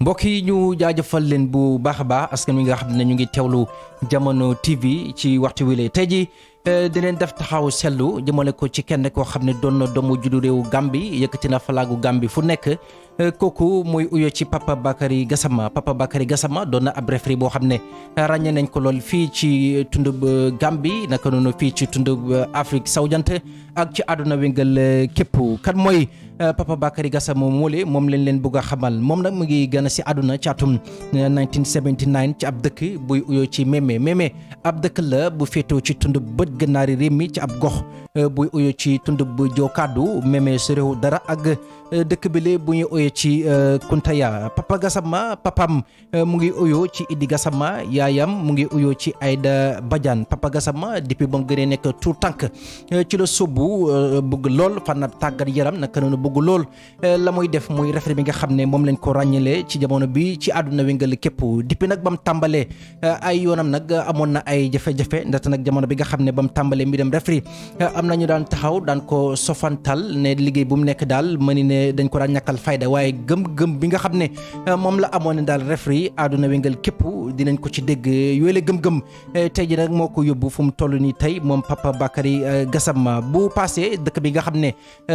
mbokk yi ñu jaajëfal leen bu baax a baax askan wi nga xam ne ñu ngi teewlu jamono TV ci waxtu wi lay tey Eh, dinañ def taxaw seetlu jëmale ko ci kenn koo xam ne doon na doomu juddu réewu Gàmbi yëkkati na falaagu Gàmbi fu nekk eh, kooku muy uyo ci Papa Bakary Gassama pappa Bakary Gassama doon na ab referee boo xam ne ràññee nañ ko lool fii ci tundub Gàmbi naka noonu fii ci tundub Afrique sawjant ak ci àdduna wi ngal eh, képp kan mooy. Euh, Papa Bakary Gassama Moulé moom lañ leen bëgg a xamal moom nag mu ngi gën a si àdduna ci atum 1979 euh, ci ab dëkk buy uyoo ci Mémé Mémé ab dëkk la bu féetoo ci tund bët gànnaari réew mi ci ab gox euh, buy uyoo ci tund bu Jokadu Mémé su réew dara ak dëkk bi la bu ñuy uyoo ci Kuntaya Papa Gassama papam mu ngi uyoo ci Idi Gassama yaayam mu ngi uyoo ci Aïda Badiane Papa Gassama depuis ba mu gënee nekk tout tànk ci la sóobu bëgg lool fànn tàggat yaram naka noonu bëgg lool eh, la moy def mooy refet bi nga xam ne moom lañ ko ràññalee ci jamono bi ci àdduna wéngal képp depuis nag ba tàmbalee eh, ay yoonam nag amoon na ay jafe-jafe ndaxte nag jamono bi nga xam ne ba mu tàmbalee mbiram refri eh, am ñu daan taxaw daan ko sofantal ne liggéey bu mu nekk daal mëni ne dañ ko daan ñàkkal fayda waaye gëm-gëm bi nga xam ne moom la amoon ne daal refri àdduna wéngal képp dinañ ko ci dégg yooyu la gëm-gëm tey ji nag moo ko yóbbu fu mu toll nii tey moom Papa Bakary Gassama bu passé dëkk bi nga xam ne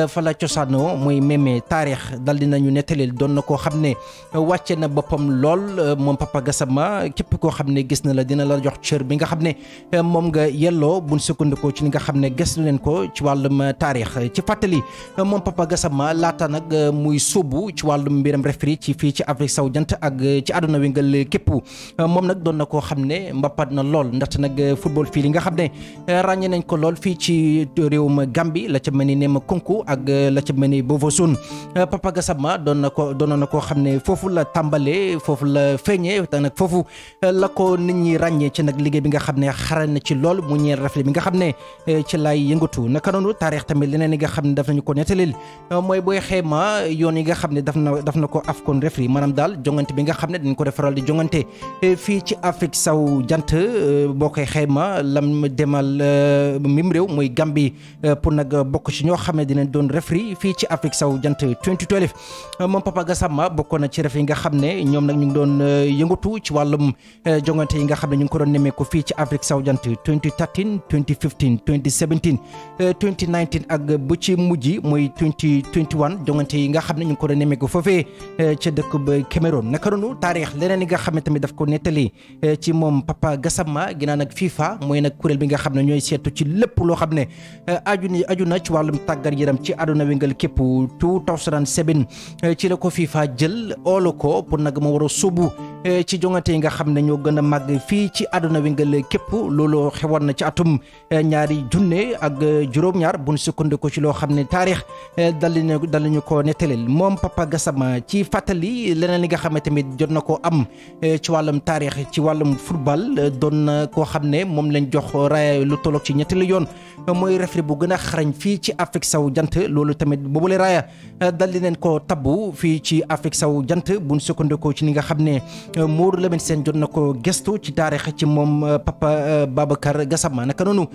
fa cosaanoo mooy Mémé taarix dal di nañu nettalil doon na koo xam ne wàcce na boppam lool moom Papa Gassama képp koo xam ne gis na la dina la jox cër bi nga xam ne moom nga yelloo buñ sukkandikoo ci li nga xam ne gis leen ko ci wàllum taarix ci fàttali moom Papa Gassama laata nag muy sóobu ci wàllum mbiram refri ci fii ci Afrique sowu jant ak ci àdduna wi nga képp moom nag doon na koo xam ne mbappat na lool ndaxte nag football fii li nga xam ne ràññee nañ ko lool fii ci réewum Gambie Bovo Soun euh, Papa Gassama doon na ko doonoon na koo xam ne foofu la tàmbalee foofu la feeñee te nag foofu euh, la ko nit ñi ràññee ci nag liggéey bi nga xam ne xaral na ci lool mu ñeel rafet bi nga xam ne euh, ci lay yëngatu naka noonu taarix tamit leneen yi nga xam ne daf nañu ko nettalil mooy booy xeema yoon yi nga xam ne daf na daf na ko AFCON Refri maanaam daal jongante bi nga xam ne dañ ko defaral di jongante fii ci Afrique saw jant boo koy xeema lam demal mim réew muy Gambie pour nag bokk ci ñoo xam ne dinañ doon refri fii ci Afrique saw jant 2012 euh, moom Papa Gassama bokkoon na ci ref yi nga xam ne ñoom nag ñu doon euh, yëngatu ci wàllum euh, jongante yi nga xam ne ñu ngi ko doon nemmeeku fii ci Afrique saw jant 2013 2015 2017 2019 ak bu ci mujj mooy 2021 jongante yi nga xam ne ñu ngi ko doon nemmeeku foofee ca dëkk ba Cameroun naka noonu taarix leneen yi nga xam ne tamit daf ko nettali ci moom Papa Gassama ginnaaw nag FIFA mooy nag kuréel bi nga xam ne ñooy seetu ci lépp loo xam ne aju na aju na ci wàllum tàggat yaram ci àdduna wi ngal 2007 eh, ci la ko FIFA jël oolu ko pour nag ma war a Eh, ci jongante yi nga xam ne ñoo gën a màgg fii ci àdduna wi nga la képp loolu xewoon na ci atum eh, ñaari junne ak eh, juróom-ñaar bu sukkandiku ci loo xam ne taarix dali na dali ñu ko nettalil moom Papa Gassama ci fàttali leneen li nga xam ne tamit jot na koo am ci wàllum taarix ci wàllum football doon na koo xam ne moom lañ jox raaya lu tolloog ci ñetti la yoon mooy refri bu gën a xarañ fii ci Afrique saw jant loolu tamit boobule raaya dal di leen ko tabbu fii ci Afrique saw jant bu ñu ci ni nga xam ne Euh, Modou Lamine Sène jot na ko gestu ci taarix ci moom euh, papa euh, Babacar Gassama naka noonu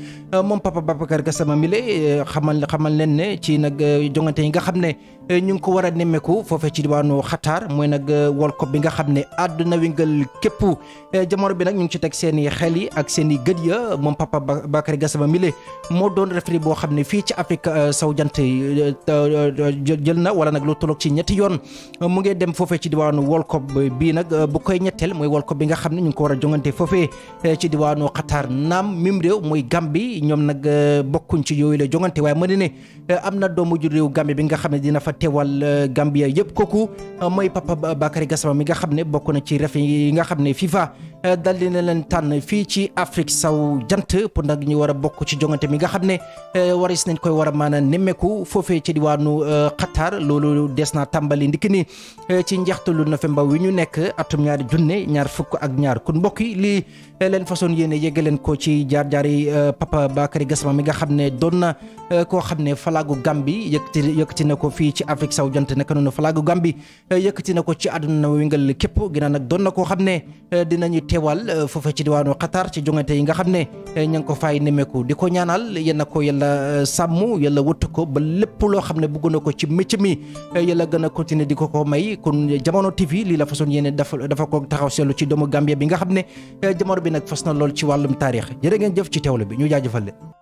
moom papa Babacar Gassama mi le xamal xamal leen ne ci nag jongante yi nga xam ne ñu ngi ko war a nemmeeku foofee ci diwaanu Qatar mooy nag World bi nga xam ne àdduna wingal képp jamono bi nag ñu ngi ci teg seen xel yi ak i gët ya moom papa Babacar Gassama mi le moo doon référé boo xam ne fii ci Afrique sowu jant jël na wala nag lu tolloog ci ñetti yoon mu ngi dem foofee ci diwaanu World Cup bii nag koy ñetteel mooy wal ko bi nga xam ne ñu ngi ko war a jongante foofee eh, ci diwaanu Qatar naam mim réew muy Gambie ñoom nag eh, bokkuñ ci yooyu la jongante waaye ma ne ne eh, am na doomu ju réew Gambie bi nga xam ne dina fa teewal Gambia yëpp ku mooy Papa Bakary Gassama mi nga xam ne bokk na ci ref yi nga xam ne FIFA Eh, dal di na leen tànn fii ci Afrique saw jant pour nag ñu war a bokk ci jongante mi nga xam ne eh, waris nañ koy war a mën a nemmeeku foofee ci diwaanu xataar eh, loolu des naa tàmbali ndikk ni ci njeextalu novembre wi ñu nekk atum ñaari junne ñaar fukk ak ñaar kon mbokk yi lii leen façon yéene yegge leen ko ci jaar jaari Papa Bakary Gassama mi nga xam ne doon na Eh, koo xam ne falagu Gambie yëkkati yëkkati na ko fii ci Afrique saw jant naka noonu falagu Gambie eh, yëkkati na ko ci àdduna wingal képp ginnaaw nag doon na koo xam ne eh, dinañu teewal foofe ci diwaanu Qatar ci jongante yi nga xam ne ña ngi ko fay nemeeku di ko ñaanal yéen na ko yàlla sàmm yalla wëtt ko ba lépp loo xam ne bëgg na ko ci métier mi yàlla gën a continuer di ko ko may kon jamono TV lii la façon yeneen dafa dafa ko taxaw seetlu ci doomu Gambie bi nga xam ne jamono bi nag fas na lool ci wàllum taarix jërë ngeen jëf ci teewlu bi ñu jaajëfal